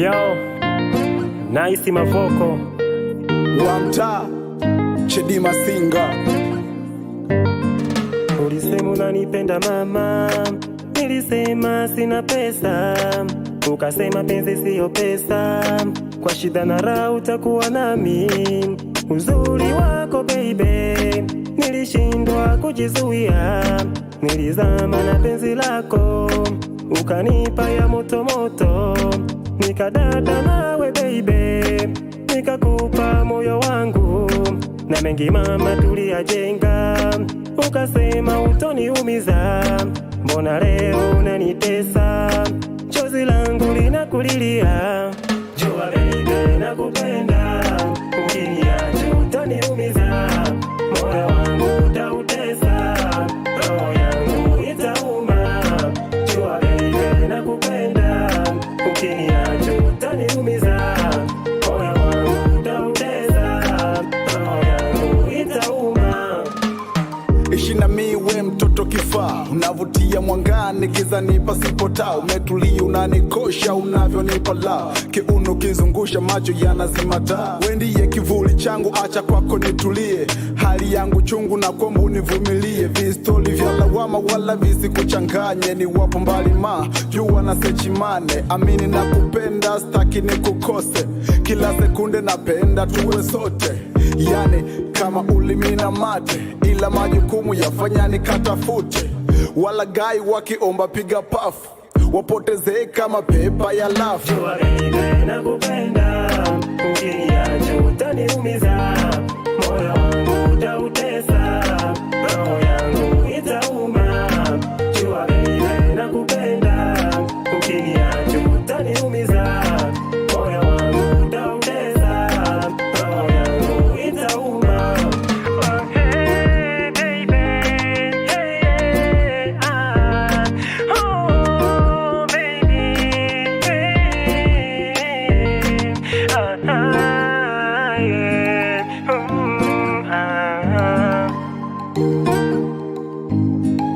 Yo, Naisi Mavoko wa mtaa Chedima Singa, ulisema unanipenda mama, nilisema sina pesa, ukasema penzi siyo pesa, kwa shida na raha utakuwa nami. Uzuri wako baby, nilishindwa kujizuia, nilizama na penzi lako, ukanipa ya motomoto moto nikadada nawe baby, nikakupa moyo wangu na mengi mama tuliyajenga, ukasema utoniumiza, mbona leo unanitesa? Chozi langu linakulilia, jua baby, nakupenda kuishi na mimi we mtoto kifaa, unavutia mwangani gizani pasipo taa, umetulia unanikosha unavyonipala la kiuno kizungusha, macho yanazima wendiye kivuli changu, acha kwako nitulie, hali yangu chungu na kwamba univumilie, vistoli vya lawama wala visikuchanganye, ni wapo mbali ma jua na sechimane, amini na kupenda, staki nikukose, kila sekunde napenda tuwe sote yani kama ulimi na mate, ila majukumu yafanyani katafute. gai wakiomba piga pafu, wapoteze kama pepa ya lafu. Nakupenda, ukiniacha utaniumiza